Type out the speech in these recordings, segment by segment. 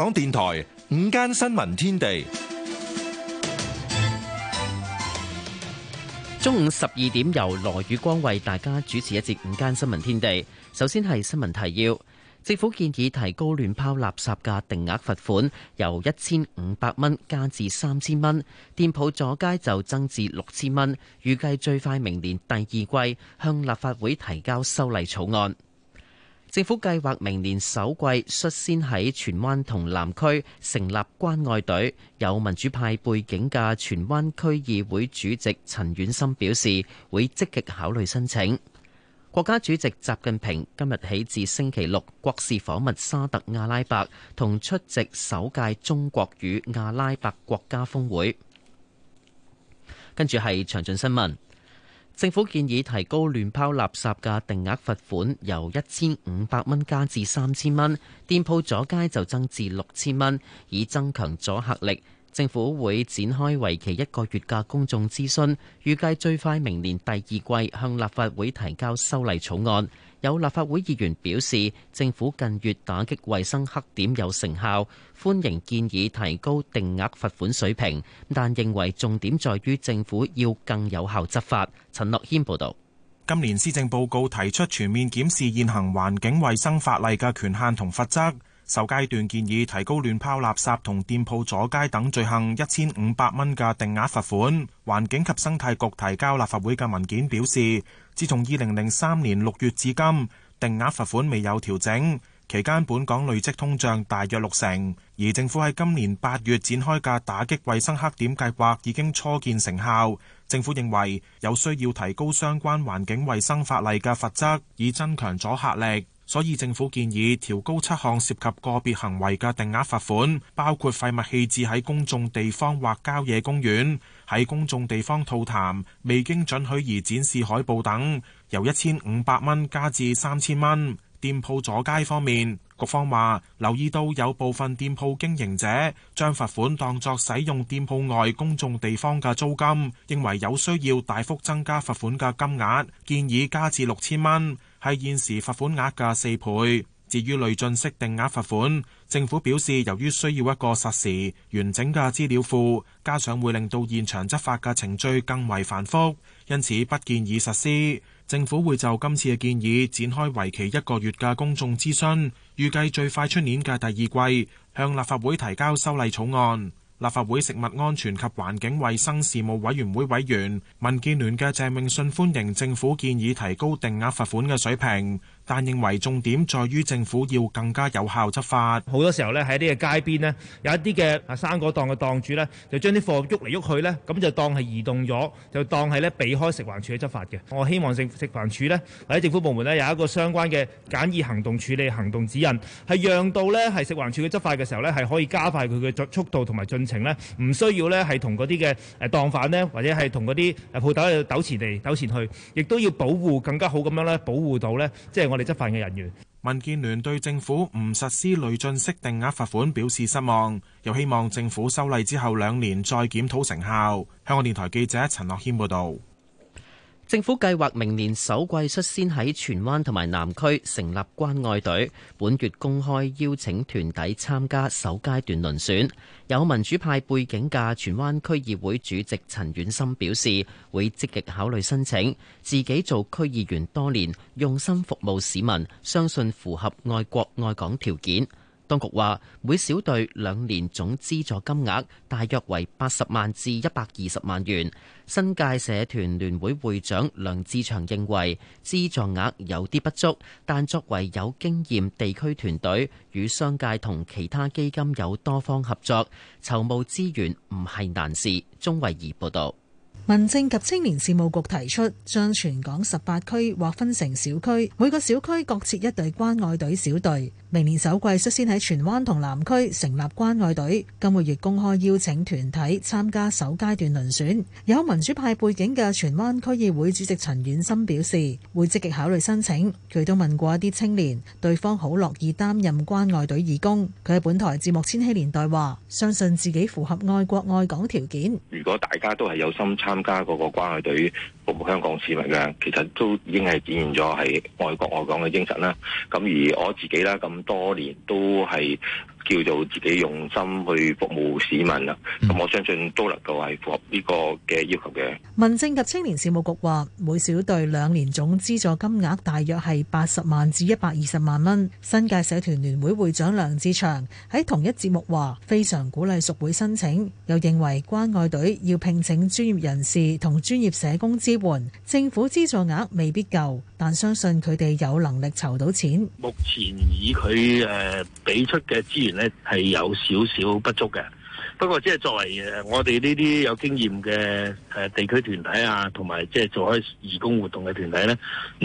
香港電台午間新聞天地，中午十二點，由羅宇光為大家主持一節午間新聞天地。首先係新聞提要，政府建議提高亂拋垃圾嘅定額罰款，由一千五百蚊加至三千蚊，店鋪阻街就增至六千蚊，預計最快明年第二季向立法會提交修例草案。政府計劃明年首季率先喺荃灣同南區成立關愛隊。有民主派背景嘅荃灣區議會主席陳婉心表示，會積極考慮申請。國家主席習近平今日起至星期六國事訪問沙特阿拉伯，同出席首屆中國與阿拉伯國家峰會。跟住係詳盡新聞。政府建議提高亂拋垃圾嘅定額罰款，由一千五百蚊加至三千蚊；店鋪阻街就增至六千蚊，以增強阻嚇力。政府會展開為期一個月嘅公眾諮詢，預計最快明年第二季向立法會提交修例草案。有立法會議員表示，政府近月打擊衞生黑點有成效，歡迎建議提高定額罰款水平，但認為重點在於政府要更有效執法。陳樂軒報導，今年施政報告提出全面檢視現行環境衞生法例嘅權限同罰則。首階段建議提高亂拋垃圾同店鋪阻街等罪行一千五百蚊嘅定額罰款。環境及生態局提交立法會嘅文件表示，自從二零零三年六月至今，定額罰款未有調整。期間本港累積通脹大約六成，而政府喺今年八月展開嘅打擊衛生黑點計劃已經初見成效。政府認為有需要提高相關環境衛生法例嘅罰則，以增強阻嚇力。所以政府建議調高七項涉及個別行為嘅定額罰款，包括廢物棄置喺公眾地方或郊野公園，喺公眾地方吐痰、未經准許而展示海報等，由一千五百蚊加至三千蚊。店鋪阻街方面，局方話留意到有部分店鋪經營者將罰款當作使用店鋪外公眾地方嘅租金，認為有需要大幅增加罰款嘅金額，建議加至六千蚊。係現時罰款額嘅四倍。至於累進式定額罰款，政府表示由於需要一個實時、完整嘅資料庫，加上會令到現場執法嘅程序更為繁複，因此不建議實施。政府會就今次嘅建議展開為期一個月嘅公眾諮詢，預計最快出年嘅第二季，向立法會提交修例草案。立法會食物安全及環境衞生事務委員會委員民建聯嘅鄭明信歡迎政府建議提高定額罰款嘅水平。但認為重點在於政府要更加有效執法。好多時候咧，喺呢個街邊呢，有一啲嘅生果檔嘅檔主呢，就將啲貨喐嚟喐去呢，咁就當係移動咗，就當係呢，避開食環署嘅執法嘅。我希望食食環署呢，或者政府部門呢，有一個相關嘅簡易行動處理行動指引，係讓到呢，係食環署嘅執法嘅時候呢，係可以加快佢嘅速度同埋進程呢。唔需要呢，係同嗰啲嘅誒檔販呢，或者係同嗰啲誒鋪頭喺度糾纏嚟糾纏去，亦都要保護更加好咁樣呢，保護到呢。即係我。執人員，民建聯對政府唔實施累進式定額罰款表示失望，又希望政府修例之後兩年再檢討成效。香港電台記者陳樂軒報導。政府計劃明年首季率先喺荃灣同埋南區成立關愛隊，本月公開邀請團體參加首階段遴選。有民主派背景嘅荃灣區議會主席陳婉心表示，會積極考慮申請，自己做區議員多年，用心服務市民，相信符合愛國愛港條件。當局話，每小隊兩年總資助金額大約為八十萬至一百二十萬元。新界社團聯會會長梁志祥認為，資助額有啲不足，但作為有經驗地區團隊，與商界同其他基金有多方合作，籌募資源唔係難事。鐘慧儀報導。民政及青年事務局提出，將全港十八區劃分成小區，每個小區各設一隊關愛隊小隊。明年首季率先喺荃灣同南區成立關愛隊，今個月公開邀請團體參加首階段輪選。有民主派背景嘅荃灣區議會主席陳婉心表示，會積極考慮申請。佢都問過一啲青年，對方好樂意擔任關愛隊義工。佢喺本台節目《千禧年代》話，相信自己符合愛國愛港條件。如果大家都係有心參，加嗰個關愛隊對於服務香港市民嘅，其實都已經係展現咗係愛國愛港嘅精神啦。咁而我自己啦，咁多年都係。叫做自己用心去服務市民啊，咁我相信都能夠係符合呢個嘅要求嘅。民政及青年事務局話，每小隊兩年總資助金額大約係八十萬至一百二十萬蚊。新界社團聯會會,會長梁志祥喺同一節目話，非常鼓勵屬會申請，又認為關愛隊要聘請專業人士同專業社工支援，政府資助額未必夠，但相信佢哋有能力籌到錢。目前以佢誒俾出嘅資源係有少少不足嘅。不過，即係作為誒我哋呢啲有經驗嘅誒地區團體啊，同埋即係做開義工活動嘅團體咧，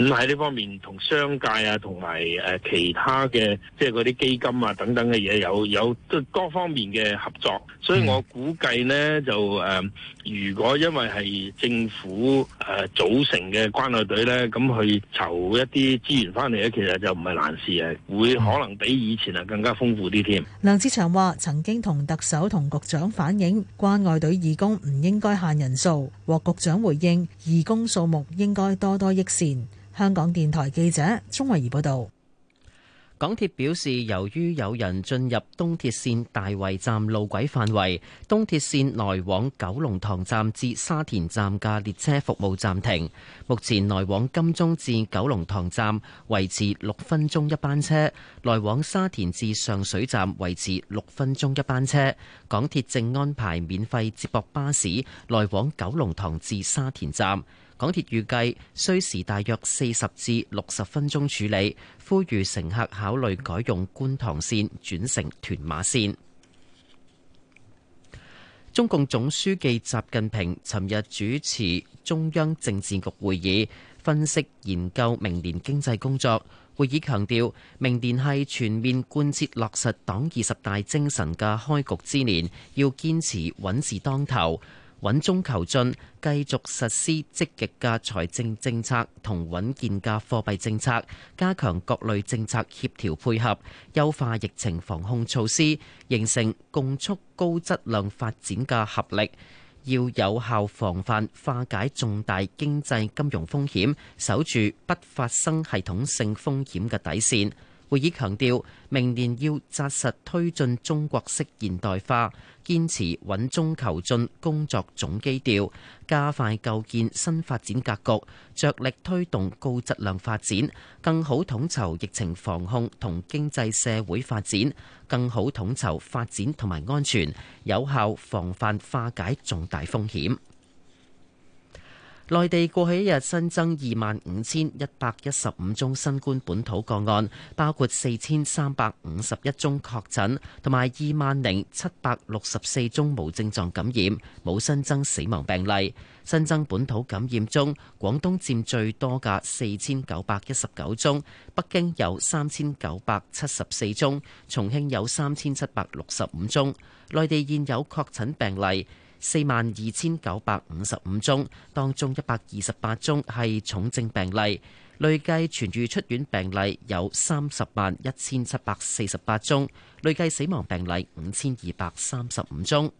咁喺呢方面同商界啊，同埋誒其他嘅即係嗰啲基金啊等等嘅嘢有有多方面嘅合作，所以我估計咧就誒，如果因為係政府誒組成嘅關愛隊咧，咁去籌一啲資源翻嚟咧，其實就唔係難事嘅，會可能比以前啊更加豐富啲添。梁志祥話：曾經同特首同局長反映關愛隊義工唔應該限人數，獲局長回應：義工數目應該多多益善。香港電台記者鍾慧儀報道。港鐵表示，由於有人進入東鐵線大圍站路軌範圍，東鐵線來往九龍塘站至沙田站嘅列車服務暫停。目前來往金鐘至九龍塘站維持六分鐘一班車，來往沙田至上水站維持六分鐘一班車。港鐵正安排免費接駁巴士來往九龍塘至沙田站。港鐵預計需時大約四十至六十分鐘處理，呼籲乘客考慮改用觀塘線轉乘屯馬線。中共總書記習近平尋日主持中央政治局會議，分析研究明年經濟工作。會議強調，明年係全面貫徹落實黨二十大精神嘅開局之年，要堅持穩字當頭。穩中求進，繼續實施積極嘅財政政策同穩健嘅貨幣政策，加強各類政策協調配合，優化疫情防控措施，形成共促高質量發展嘅合力。要有效防範化解重大經濟金融風險，守住不發生系統性風險嘅底線。會議強調，明年要扎實推進中國式現代化，堅持穩中求進工作總基調，加快構建新發展格局，着力推動高質量發展，更好統籌疫情防控同經濟社會發展，更好統籌發展同埋安全，有效防範化解重大風險。內地過去一日新增二萬五千一百一十五宗新冠本土個案，包括四千三百五十一宗確診，同埋二萬零七百六十四宗無症狀感染，冇新增死亡病例。新增本土感染中，廣東佔最多嘅四千九百一十九宗，北京有三千九百七十四宗，重慶有三千七百六十五宗。內地現有確診病例，四萬二千九百五十五宗，當中一百二十八宗係重症病例。累計痊愈出院病例有三十萬一千七百四十八宗，累計死亡病例五千二百三十五宗。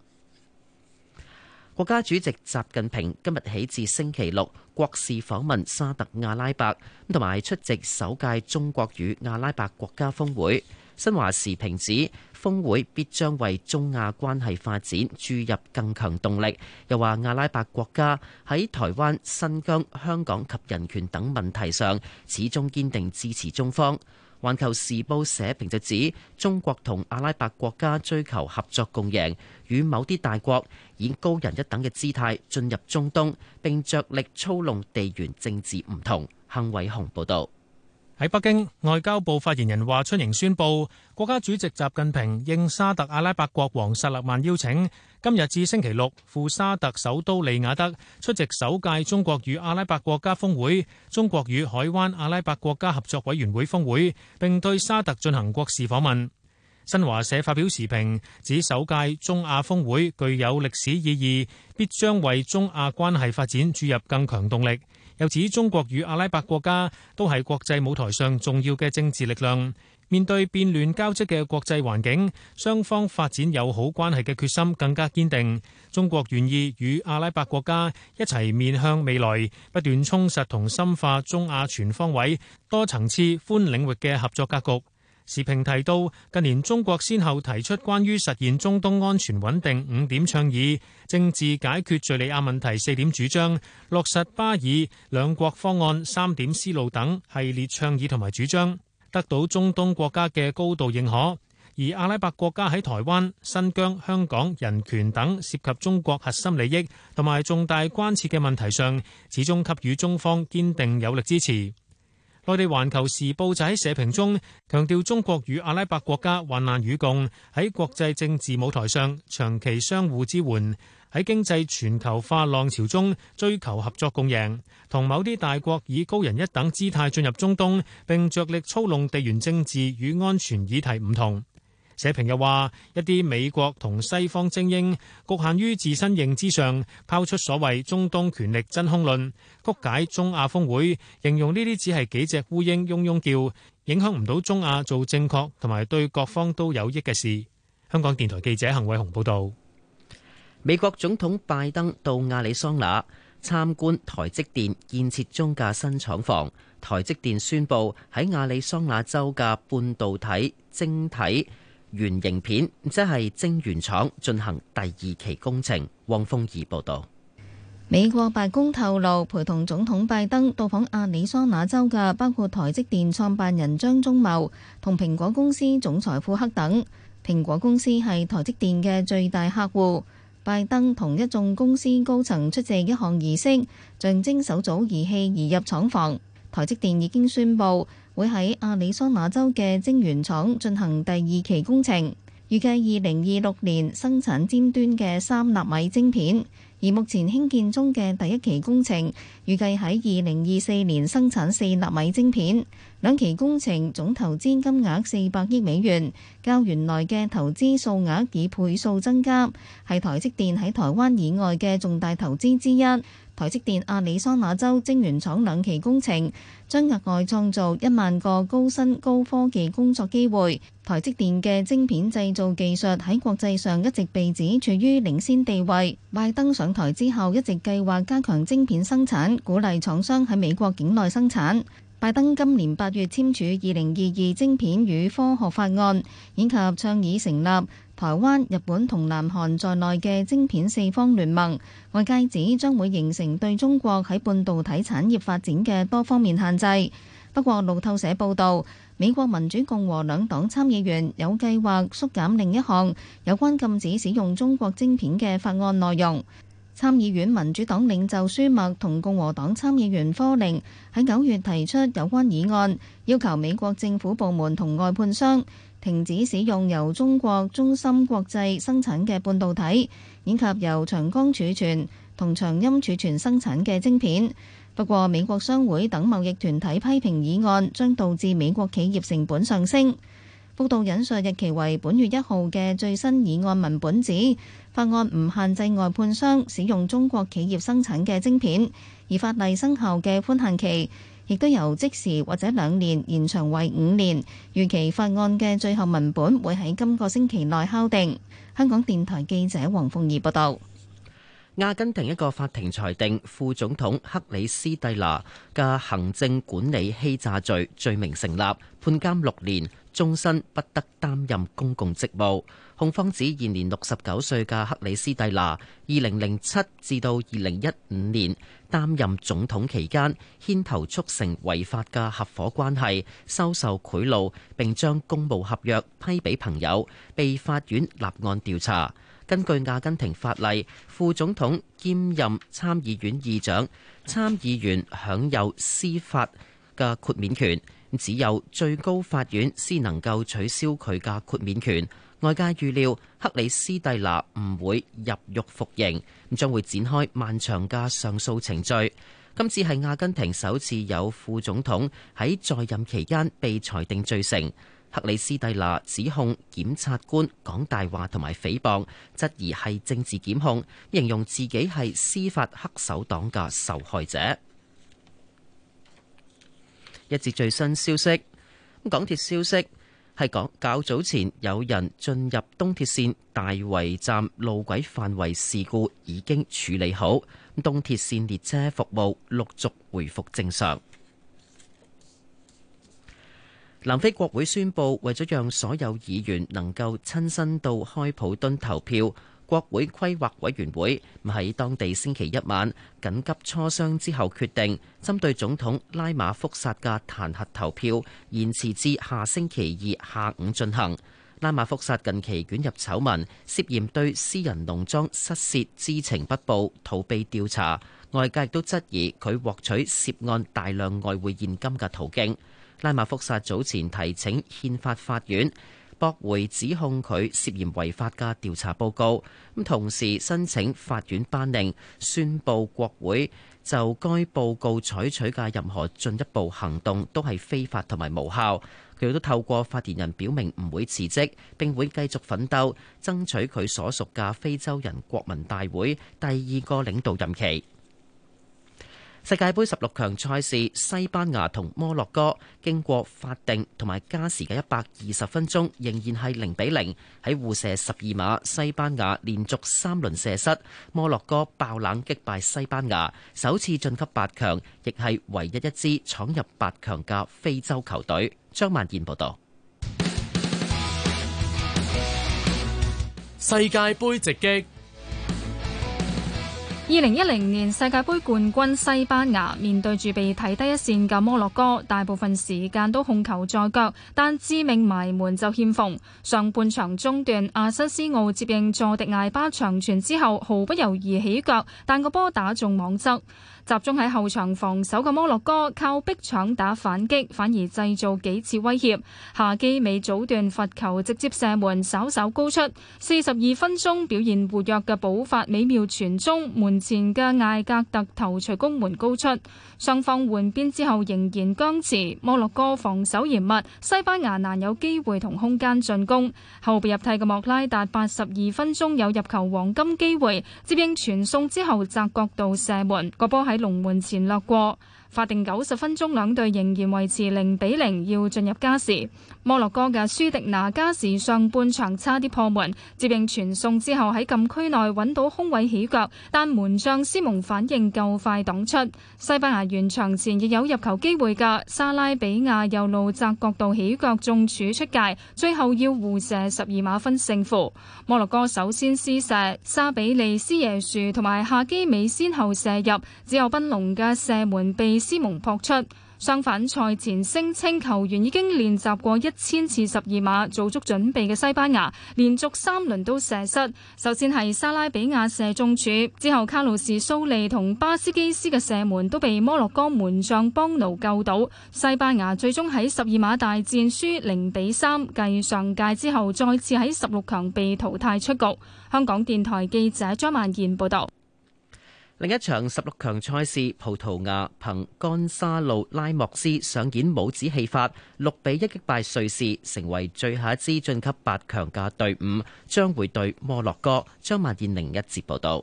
國家主席習近平今日起至星期六國事訪問沙特阿拉伯，同埋出席首屆中國與阿拉伯國家峰會。新華時評指。峯會必將為中亞關係發展注入更強動力。又話阿拉伯國家喺台灣、新疆、香港及人權等問題上，始終堅定支持中方。《環球時報》社評就指，中國同阿拉伯國家追求合作共贏，與某啲大國以高人一等嘅姿態進入中東並着力操弄地緣政治唔同。幸偉雄報道。喺北京，外交部發言人華春瑩宣布，國家主席習近平應沙特阿拉伯國王薩勒曼邀請，今日至星期六赴沙特首都利雅德出席首屆中國與阿拉伯國家峰會、中國與海灣阿拉伯國家合作委員會峰會，並對沙特進行國事訪問。新華社發表時評指，首屆中亞峰會具有歷史意義，必將為中亞關係發展注入更強動力。由此，中國與阿拉伯國家都係國際舞台上重要嘅政治力量。面對變亂交織嘅國際環境，雙方發展友好關係嘅決心更加堅定。中國願意與阿拉伯國家一齊面向未來，不斷充實同深化中亞全方位、多層次、寬領域嘅合作格局。時評提到，近年中國先後提出關於實現中東安全穩定五點倡議、政治解決敍利亞問題四點主張、落實巴以兩國方案三點思路等系列倡議同埋主張，得到中東國家嘅高度認可。而阿拉伯國家喺台灣、新疆、香港人權等涉及中國核心利益同埋重大關切嘅問題上，始終給予中方堅定有力支持。內地《環球時報》就喺社評中強調，中國與阿拉伯國家患難與共，喺國際政治舞台上長期相互支援，喺經濟全球化浪潮中追求合作共贏，同某啲大國以高人一等姿態進入中東並着力操弄地緣政治與安全議題唔同。社評又話：一啲美國同西方精英局限於自身認知上，拋出所謂中東權力真空論，曲解中亞峰會，形容呢啲只係幾隻烏蠅嗡嗡叫，影響唔到中亞做正確同埋對各方都有益嘅事。香港電台記者陳偉雄報道，美國總統拜登到亞利桑那參觀台積電建設中嘅新廠房。台積電宣布喺亞利桑那州嘅半導體晶體。原形片即係晶圓廠進行第二期工程。汪峰儀報道，美國白宮透露陪同總統拜登到訪亞利桑那州嘅包括台積電創辦人張忠謀同蘋果公司總裁庫克等。蘋果公司係台積電嘅最大客戶。拜登同一眾公司高層出席一項儀式，象徵首組儀器移入廠房。台積電已經宣布。會喺亞利桑那州嘅晶圓廠進行第二期工程，預計二零二六年生產尖端嘅三納米晶片；而目前興建中嘅第一期工程，預計喺二零二四年生產四納米晶片。兩期工程總投資金額四百億美元，較原來嘅投資數額以倍數增加，係台積電喺台灣以外嘅重大投資之一。台積電亞利桑那州晶圓廠兩期工程將額外創造一萬個高薪高科技工作機會。台積電嘅晶片製造技術喺國際上一直被指處於領先地位。拜登上台之後一直計劃加強晶片生產，鼓勵廠商喺美國境內生產。拜登今年八月簽署《二零二二晶片與科學法案》，以及倡議成立。台灣、日本同南韓在內嘅晶片四方聯盟，外界指將會形成對中國喺半導體產業發展嘅多方面限制。不過，路透社報導，美國民主共和兩黨參議員有計劃縮減另一項有關禁止使用中國晶片嘅法案內容。參議院民主黨領袖舒默同共和黨參議員科寧喺九月提出有關議案，要求美國政府部門同外判商停止使用由中國中芯國際生產嘅半導體，以及由長江儲存同長鑫儲存生產嘅晶片。不過，美國商會等貿易團體批評議案將導致美國企業成本上升。報道引述日期為本月一號嘅最新議案文本指，法案唔限制外判商使用中國企業生產嘅晶片，而法例生效嘅寬限期亦都由即時或者兩年延長為五年。預期法案嘅最後文本會喺今個星期內敲定。香港電台記者黃鳳儀報道。阿根廷一個法庭裁定副總統克里斯蒂娜嘅行政管理欺詐罪罪名成立，判監六年。終身不得擔任公共職務。控方指，現年六十九歲嘅克里斯蒂娜，二零零七至到二零一五年擔任總統期間，牽頭促成違法嘅合夥關係，收受賄賂，並將公務合約批俾朋友，被法院立案調查。根據阿根廷法例，副總統兼任參議院議長，參議員享有司法嘅豁免權。只有最高法院先能夠取消佢嘅豁免權，外界預料克里斯蒂娜唔會入獄服刑，將會展開漫長嘅上訴程序。今次係阿根廷首次有副總統喺在、在任期間被裁定罪成。克里斯蒂娜指控檢察官講大話同埋誹謗，質疑係政治檢控，形容自己係司法黑手黨嘅受害者。一節最新消息，港鐵消息係講較早前有人進入東鐵線大圍站路軌範圍，事故已經處理好，東鐵線列車服務陸續回復正常。南非國會宣布，為咗讓所有議員能夠親身到開普敦投票。國會規劃委員會喺當地星期一晚緊急磋商之後決定，針對總統拉馬福薩嘅彈劾投票延遲至下星期二下午進行。拉馬福薩近期捲入醜聞，涉嫌對私人農莊失竊知情不報、逃避調查，外界亦都質疑佢獲取涉案大量外匯現金嘅途徑。拉馬福薩早前提請憲法法院。駁回指控佢涉嫌違法嘅調查報告，咁同時申請法院頒令宣布國會就該報告採取嘅任何進一步行動都係非法同埋無效。佢都透過發言人表明唔會辭職，並會繼續奮鬥，爭取佢所屬嘅非洲人國民大會第二個領導任期。世界杯十六強賽事，西班牙同摩洛哥經過法定同埋加時嘅一百二十分鐘，仍然係零比零。喺互射十二碼，西班牙連續三輪射失，摩洛哥爆冷擊敗西班牙，首次晉級八強，亦係唯一一支闖入八強嘅非洲球隊。張萬燕報道。世界杯直擊。二零一零年世界杯冠軍西班牙面對住被睇低一線嘅摩洛哥，大部分時間都控球在腳，但致命埋門就欠奉。上半場中段，阿辛斯奧接應佐迪艾巴長傳之後，毫不猶豫起腳，但個波打中網側。集中喺後場防守嘅摩洛哥靠逼搶打反擊，反而製造幾次威脅。夏基美早段罰球，直接射門，稍稍高出。四十二分鐘，表現活躍嘅補發美妙傳中，門前嘅艾格特頭槌攻門高出。雙方換邊之後仍然僵持，摩洛哥防守嚴密，西班牙難有機會同空間進攻。後備入替嘅莫拉達八十二分鐘有入球黃金機會，接應傳送之後窄角度射門，個波喺龍門前掠過。 法定九十分鐘，兩隊仍然維持零比零，要進入加時。摩洛哥嘅舒迪拿加時上半場差啲破門，接應傳送之後喺禁區內揾到空位起腳，但門將斯蒙反應夠快擋出。西班牙完場前亦有入球機會，嘅沙拉比亞右路窄角度起腳中柱出界。最後要互射十二碼分勝負。摩洛哥首先施射，沙比利斯耶樹同埋夏基美先後射入，只有賓隆嘅射門被斯蒙撲出，相反賽前聲稱球員已經練習過一千次十二碼，做足準備嘅西班牙，連續三輪都射失。首先係莎拉比亞射中柱，之後卡路士蘇利同巴斯基斯嘅射門都被摩洛哥門將邦奴救到。西班牙最終喺十二碼大戰輸零比三，3，繼上屆之後再次喺十六強被淘汰出局。香港電台記者張萬賢報道。另一場十六強賽事，葡萄牙憑干沙路拉莫斯上演帽子戲法，六比一擊敗瑞士，成為最後一支晉級八強嘅隊伍，將會對摩洛哥。張萬燕另一節報導。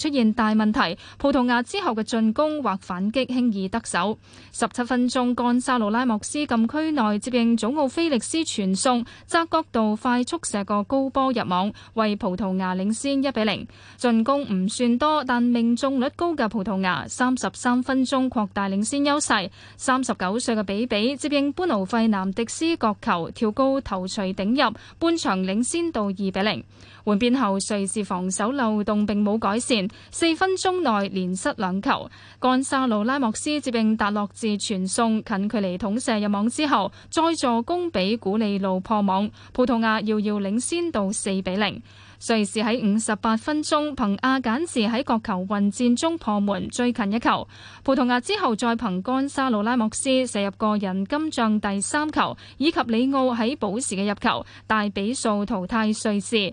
出現大問題，葡萄牙之後嘅進攻或反擊輕易得手。十七分鐘，幹沙羅拉莫斯禁區內接應祖奧菲力斯傳送，側角度快速射個高波入網，為葡萄牙領先一比零。進攻唔算多，但命中率高嘅葡萄牙三十三分鐘擴大領先優勢。三十九歲嘅比比接應般奴費南迪斯角球跳高頭槌頂入，半場領先到二比零。換邊後，瑞士防守漏洞並冇改善，四分鐘內連失兩球。甘沙魯拉莫斯接應達洛治傳送近距離捅射入網之後，再助攻俾古利路破網。葡萄牙遙遙領先到四比零。瑞士喺五十八分鐘憑亞簡治喺角球混戰中破門最近一球。葡萄牙之後再憑甘沙魯拉莫斯射入個人金像第三球，以及里奧喺補時嘅入球，大比數淘汰瑞士。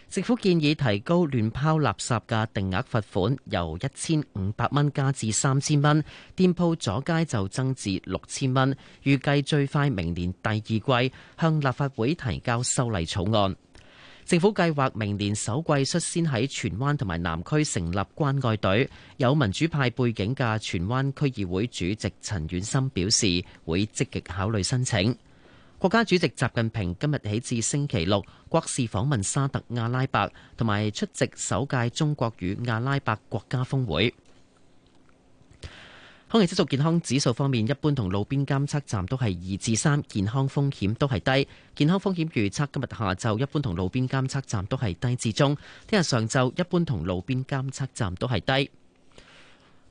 政府建議提高亂拋垃圾嘅定額罰款，由一千五百蚊加至三千蚊，店鋪阻街就增至六千蚊。預計最快明年第二季向立法會提交修例草案。政府計劃明年首季率先喺荃灣同埋南區成立關愛隊。有民主派背景嘅荃灣區議會主席陳琬琛表示，會積極考慮申請。國家主席習近平今日起至星期六國事訪問沙特阿拉伯，同埋出席首屆中國與阿拉伯國家峰會。空氣質素健康指數方面，一般同路邊監測站都係二至三，健康風險都係低。健康風險預測今日下晝一般同路邊監測站都係低至中，聽日上晝一般同路邊監測站都係低。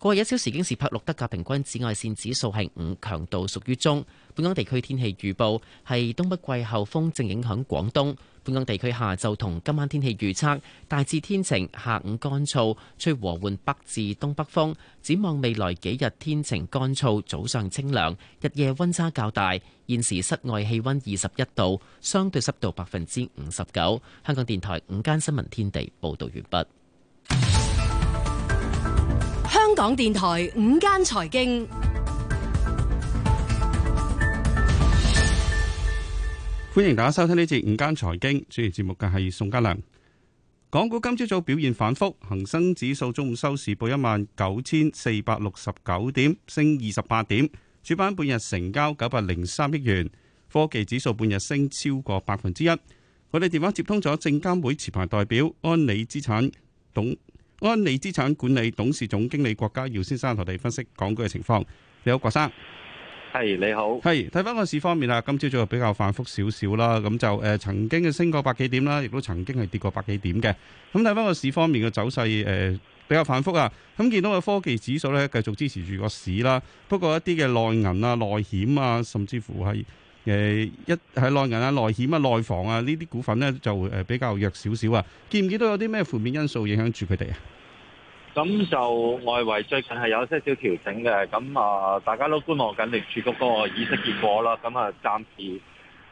過去一小時京士柏錄得嘅平均紫外線指數係五，強度屬於中。本港地區天氣預報係東北季候風正影響廣東。本港地區下晝同今晚天氣預測大致天晴，下午乾燥，吹和緩北至東北風。展望未來幾日天晴乾燥，早上清涼，日夜温差較大。現時室外氣温二十一度，相對濕度百分之五十九。香港電台午間新聞天地報導完畢。港電台午間財經。歡迎大家收聽呢節午間財經，主持節目嘅係宋家良。港股今朝早表現反覆，恒生指數中午收市報一萬九千四百六十九點，升二十八點，主板半日成交九百零三億元。科技指數半日升超過百分之一。我哋電話接通咗證監會持牌代表安理資產董。安利資產管理董事總經理郭家耀先生同你分析港股嘅情況。你好，郭生。係、hey, 你好。係睇翻個市方面啊，今朝早就比較反覆少少啦。咁就誒、呃，曾經嘅升過百幾點啦，亦都曾經係跌過百幾點嘅。咁睇翻個市方面嘅走勢，誒、呃，比較反覆啊。咁見到個科技指數咧，繼續支持住個市啦。不過一啲嘅內銀啊、內險啊，甚至乎係。誒，一係內銀啊、內險啊、內房啊呢啲股份咧，就誒比較弱少少啊，見唔見到有啲咩負面因素影響住佢哋啊？咁就外圍最近係有些少調整嘅，咁啊，大家都觀望緊聯儲局嗰個議息結果啦。咁啊，暫時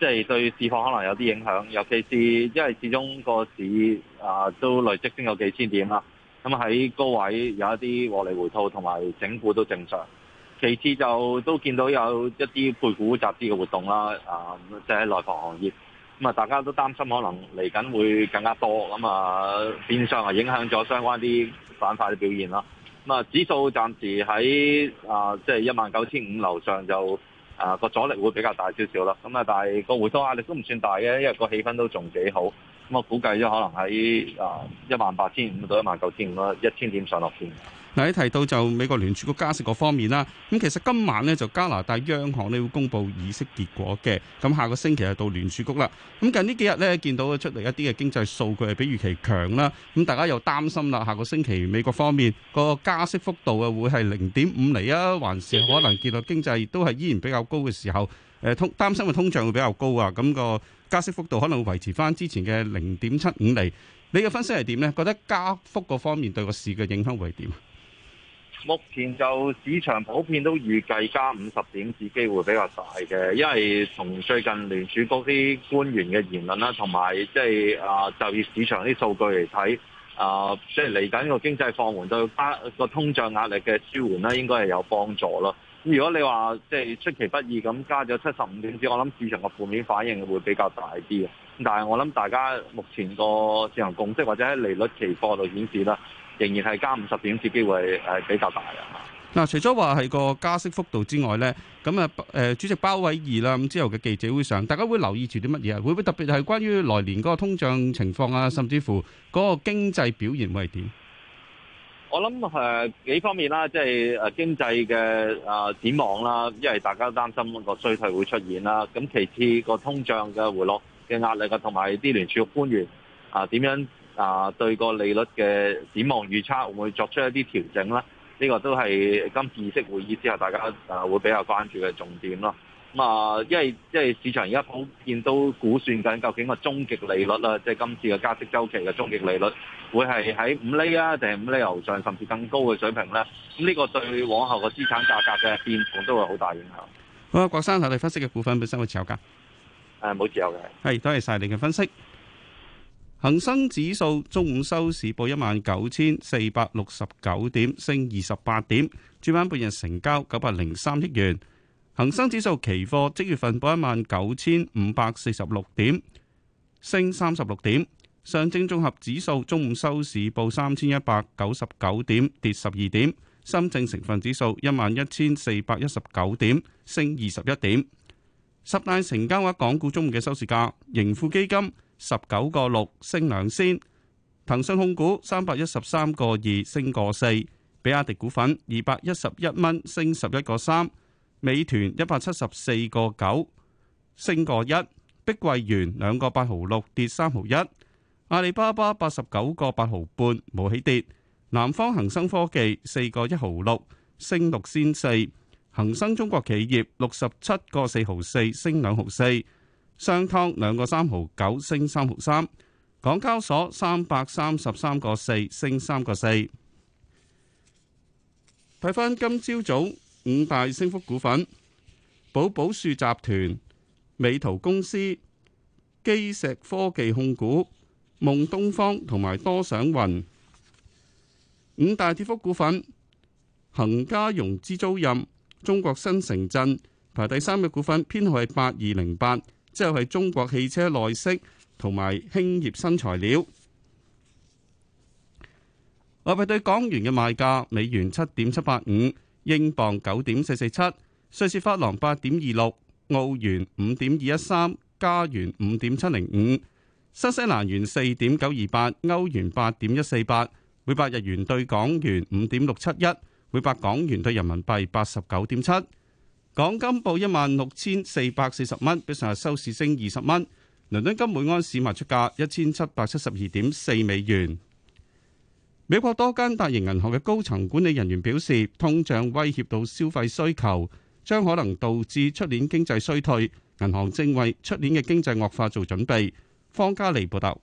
即係對市況可能有啲影響，尤其是因為始終個市啊都累積升咗幾千點啦。咁喺高位有一啲獲利回吐，同埋整股都正常。其次就都見到有一啲配股集資嘅活動啦，啊、呃，即、就、係、是、內房行業，咁啊，大家都擔心可能嚟緊會更加多，咁啊，變相啊影響咗相關啲板塊嘅表現啦。咁啊，指數暫時喺啊，即係一萬九千五樓上就啊個、呃、阻力會比較大少少啦。咁啊，但係個回抽壓力都唔算大嘅，因為個氣氛都仲幾好。咁我估計咗可能喺啊一萬八千五到一萬九千五嗰一千點上落線。嗱，你提到就美國聯儲局加息嗰方面啦，咁其實今晚呢，就加拿大央行呢會公布議息結果嘅。咁下個星期就到聯儲局啦。咁近呢幾日呢，見到出嚟一啲嘅經濟數據係比預期強啦，咁大家又擔心啦。下個星期美國方面個加息幅度啊，會係零點五厘啊，還是可能見到經濟都係依然比較高嘅時候，誒通擔心嘅通脹會比較高啊。咁個加息幅度可能會維持返之前嘅零點七五厘。你嘅分析係點呢？覺得加幅嗰方面對個市嘅影響會係點？目前就市場普遍都預計加五十點子機會比較大嘅，因為從最近聯儲局啲官員嘅言論啦，同埋即係啊就業市場啲數據嚟睇，啊即係嚟緊個經濟放緩對返個通脹壓力嘅舒緩啦，應該係有幫助咯。咁如果你話即係出其不意咁加咗七十五點子，我諗市場個負面反應會比較大啲。啊。但係我諗大家目前個市場共識或者喺利率期貨度顯示啦。仍然係加五十點，似機會係比較大嘅。嗱，除咗話係個加息幅度之外咧，咁啊誒主席鮑威爾啦，咁之後嘅記者會上，大家會留意住啲乜嘢啊？會唔會特別係關於來年嗰個通脹情況啊，甚至乎嗰個經濟表現會係點？我諗誒幾方面啦，即係誒經濟嘅誒展望啦，因為大家都擔心個衰退會出現啦。咁其次個通脹嘅回落嘅壓力啊，同埋啲聯儲官員啊點樣？啊，對個利率嘅展望預測會唔會作出一啲調整咧？呢、這個都係今次議息會議之後大家啊會比較關注嘅重點咯。咁啊，因為因為市場而家普遍都估算緊究竟個終極利率啦，即係今次嘅加息週期嘅終極利率會係喺五厘啊，定係五厘樓上，甚至更高嘅水平咧？咁、嗯、呢、這個對往後個資產價格嘅變動都會好大影響。好啊，郭生，你分析嘅股份本身有冇持有噶？誒、啊，冇持有嘅。係，多謝晒你嘅分析。恒生指數中午收市報一萬九千四百六十九點，升二十八點。主板半日成交九百零三億元。恒生指數期貨即月份報一萬九千五百四十六點，升三十六點。上證綜合指數中午收市報三千一百九十九點，跌十二點。深證成分指數一萬一千四百一十九點，升二十一點。十大成交額：港股中午嘅收市價，盈富基金。十九個六升兩仙，騰訊控股三百一十三個二升個四，比亞迪股份二百一十一蚊升十一個三，美團一百七十四個九升個一，碧桂園兩個八毫六跌三毫一，阿里巴巴八十九個八毫半冇起跌，南方恒生科技四個一毫六升六先四，恒生中國企業六十七個四毫四升兩毫四。商湯兩個三毫九，升三毫三。港交所三百三十三個四，升三個四。睇返今朝早五大升幅股份：寶寶樹集團、美圖公司、基石科技控股、夢東方同埋多想雲。五大跌幅股份：恒嘉融資租賃、中國新城鎮排第三嘅股份，編號係八二零八。即係中國汽車內飾同埋興業新材料。外幣對港元嘅賣價：美元七點七八五，英鎊九點四四七，瑞士法郎八點二六，澳元五點二一三，加元五點七零五，新西蘭元四點九二八，歐元八點一四八。每百日元對港元五點六七一，每百港元對人民幣八十九點七。港金報一萬六千四百四十蚊，比上日收市升二十蚊。倫敦金每安士賣出價一千七百七十二點四美元。美國多間大型銀行嘅高層管理人員表示，通脹威脅到消費需求，將可能導致出年經濟衰退。銀行正為出年嘅經濟惡化做準備。方家莉報道。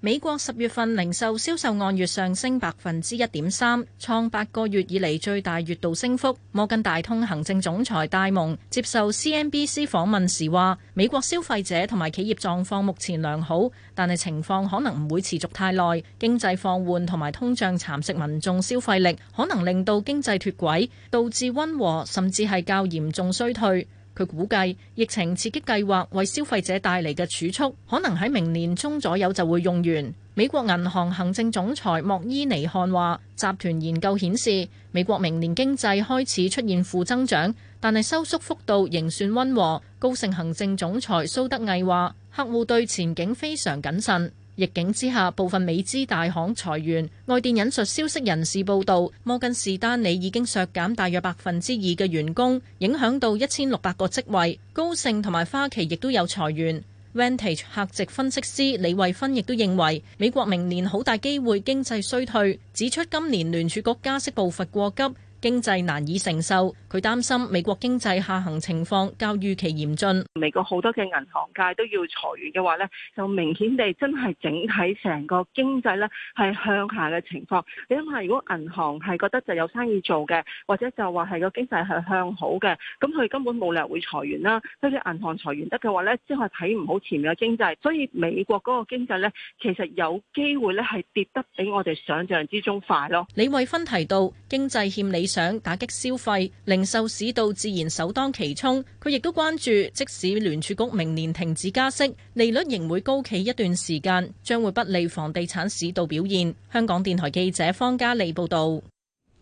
美國十月份零售銷售按月上升百分之一點三，創八個月以嚟最大月度升幅。摩根大通行政總裁戴蒙接受 CNBC 訪問時話，美國消費者同埋企業狀況目前良好，但係情況可能唔會持續太耐。經濟放緩同埋通脹蠶食民眾消費力，可能令到經濟脫軌，導致溫和甚至係較嚴重衰退。佢估計疫情刺激計劃為消費者帶嚟嘅儲蓄，可能喺明年中左右就會用完。美國銀行行政總裁莫伊尼漢話：集團研究顯示，美國明年經濟開始出現負增長，但係收縮幅度仍算溫和。高盛行政總裁蘇德毅話：客戶對前景非常謹慎。逆境之下，部分美資大行裁員。外電引述消息人士報道，摩根士丹利已經削減大約百分之二嘅員工，影響到一千六百個職位。高盛同埋花旗亦都有裁員。Vantage 客席分析師李慧芬亦都認為，美國明年好大機會經濟衰退，指出今年聯儲局加息步伐過急，經濟難以承受。佢擔心美國經濟下行情況較預期嚴峻。美國好多嘅銀行界都要裁員嘅話咧，就明顯地真係整體成個經濟咧係向下嘅情況。你諗下，如果銀行係覺得就有生意做嘅，或者就話係個經濟係向好嘅，咁佢根本冇理由會裁員啦。呢啲銀行裁員得嘅話咧，即係睇唔好前面嘅經濟。所以美國嗰個經濟咧，其實有機會咧係跌得比我哋想像之中快咯。李慧芬提到經濟欠理想，打擊消費令。零售市道自然首當其衝，佢亦都關注，即使聯儲局明年停止加息，利率仍會高企一段時間，將會不利房地產市道表現。香港電台記者方嘉利報道。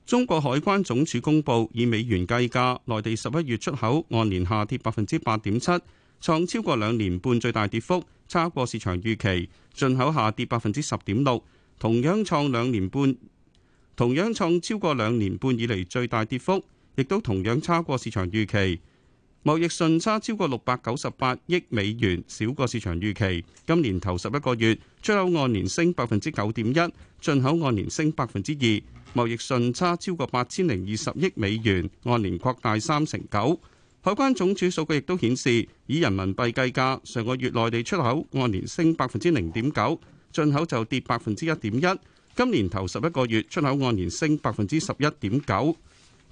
中國海關總署公布，以美元計價，內地十一月出口按年下跌百分之八點七，創超過兩年半最大跌幅，差過市場預期；進口下跌百分之十點六，同樣創兩年半同樣創超過兩年半以嚟最大跌幅。亦都同樣差過市場預期，貿易順差超過六百九十八億美元，少過市場預期。今年頭十一個月，出口按年升百分之九點一，進口按年升百分之二，貿易順差超過八千零二十億美元，按年擴大三成九。海關總署數據亦都顯示，以人民幣計價，上個月內地出口按年升百分之零點九，進口就跌百分之一點一。今年頭十一個月，出口按年升百分之十一點九。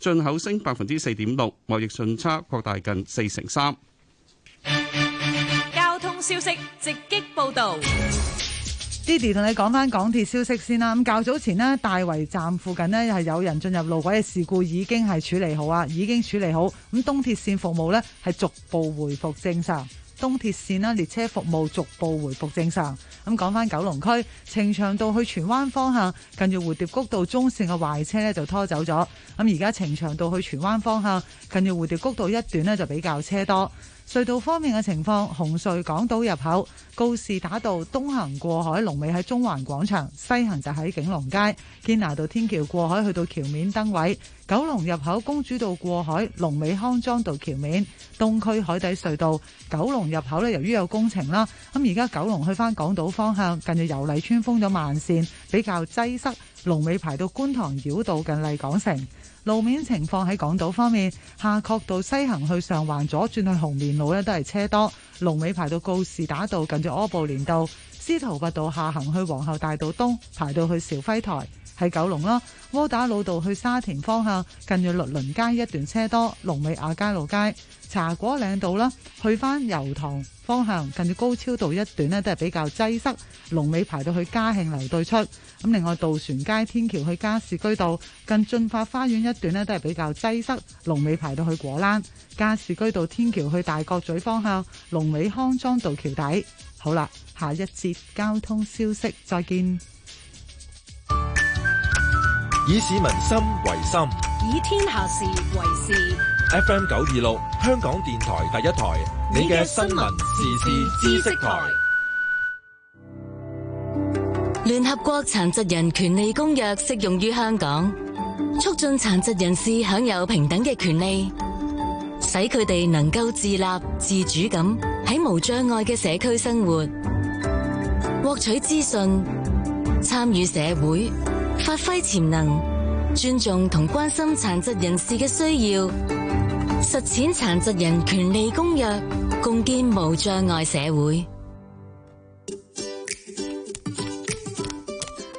進口升百分之四點六，貿易順差擴大近四成三。交通消息直擊報道，Didi 同你講返港鐵消息先啦。咁較早前咧，大圍站附近咧係有人進入路軌嘅事故，已經係處理好啊，已經處理好。咁東鐵線服務呢係逐步回復正常。東鐵線啦，列車服務逐步回復正常。咁講翻九龍區，呈祥道去荃灣方向，近住蝴蝶谷道中線嘅壞車咧就拖走咗。咁而家呈祥道去荃灣方向，近住蝴蝶谷道一段咧就比較車多。隧道方面嘅情況，紅隧港島入口告士打道東行過海，龍尾喺中環廣場；西行就喺景隆街，堅拿道天橋過海去到橋面燈位。九龍入口公主道過海，龍尾康莊道橋面。東區海底隧道九龍入口呢，由於有工程啦，咁而家九龍去返港島方向，近住油麗村封咗慢線，比較擠塞，龍尾排到觀塘繞道近麗港城。路面情況喺港島方面，夏慤道西行去上環左轉去紅棉路咧都係車多，龍尾排到告士打道近住柯布連道，司徒拔道下行去皇后大道東排到去肇輝台。喺九龍啦，窩打老道去沙田方向，近住律倫街一段車多；龍尾亞皆老街、茶果嶺道啦，去翻油塘方向，近住高超道一段呢都係比較擠塞；龍尾排到去嘉慶樓對出，咁另外渡船街天橋去加士居道，近駿發花園一段呢都係比較擠塞；龍尾排到去果欄，加士居道天橋去大角咀方向，龍尾康莊道橋底。好啦，下一節交通消息再見。以市民心為心，以天下事為事。FM 九二六，香港電台第一台，你嘅新聞時事是知識台。聯合國殘疾人權利公約適用於香港，促進殘疾人士享有平等嘅權利，使佢哋能夠自立自主咁喺無障礙嘅社區生活，獲取資訊，參與社會。發揮潛能，尊重同關心殘疾人士嘅需要，實踐殘疾人權利公約，共建無障礙社會。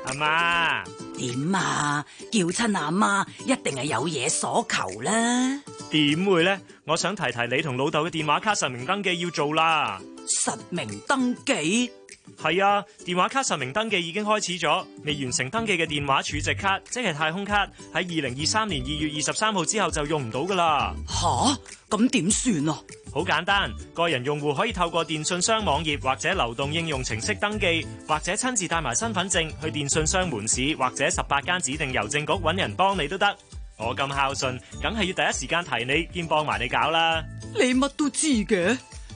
阿媽，點啊？叫親阿媽一定係有嘢所求啦。點會呢？我想提提你同老豆嘅電話卡實名登記要做啦。實名登記。係啊，電話卡實名登記已經開始咗，未完成登記嘅電話儲值卡即係太空卡，喺二零二三年二月二十三號之後就用唔到噶啦。吓，咁點算啊？好簡單，個人用戶可以透過電信商網頁或者流動應用程式登記，或者親自帶埋身份證去電信商門市或者十八間指定郵政局揾人幫你都得。我咁孝順，梗係要第一時間提你，兼幫埋你搞啦。你乜都知嘅？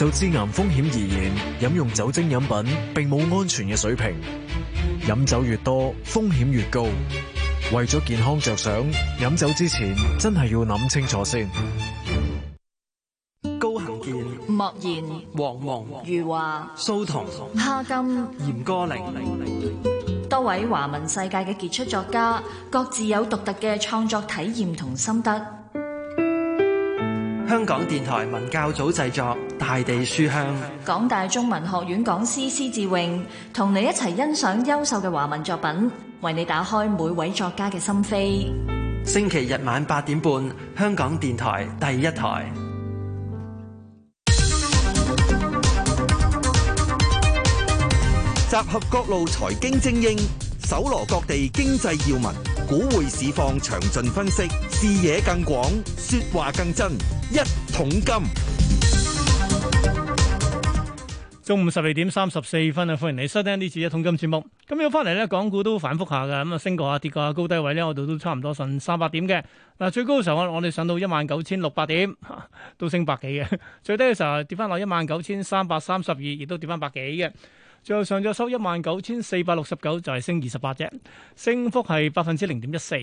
就致癌風險而言，飲用酒精飲品並冇安全嘅水平。飲酒越多，風險越高。為咗健康着想，飲酒之前真係要諗清楚先。高行健、莫言、王蒙、余華、蘇童、哈金、嚴歌苓，多位華文世界嘅傑出作家，各自有獨特嘅創作體驗同心得。香港電台文教組製作。大地書香，港大中文學院講師施志穎同你一齊欣賞優秀嘅華文作品，為你打開每位作家嘅心扉。星期日晚八點半，香港電台第一台。集合各路財經精英，搜羅各地經濟要聞，股匯市況詳盡分析，視野更廣，說話更真，一桶金。中午十二點三十四分啊，歡迎你收聽呢次一桶金節目。咁要翻嚟咧，港股都反覆下嘅，咁啊升過下跌過下，高低位咧我哋都差唔多成三百點嘅。嗱最高嘅時候我我哋上到一萬九千六百點，啊，都升百幾嘅。最低嘅時候跌翻落一萬九千三百三十二，亦都跌翻百幾嘅。最後上晝收一萬九千四百六十九，就係升二十八隻，升幅係百分之零點一四。